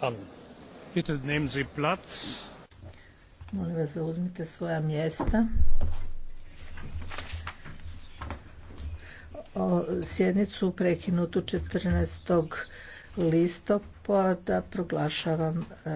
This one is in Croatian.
an. Bitte nehmen Molim vas zauzmite svoja mjesta. O sjednicu prekinutu 14. listopada proglašavam